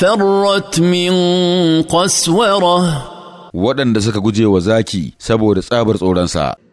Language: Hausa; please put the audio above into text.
farrat min qaswara waɗanda suka guje wa zaki saboda tsabar tsoronsa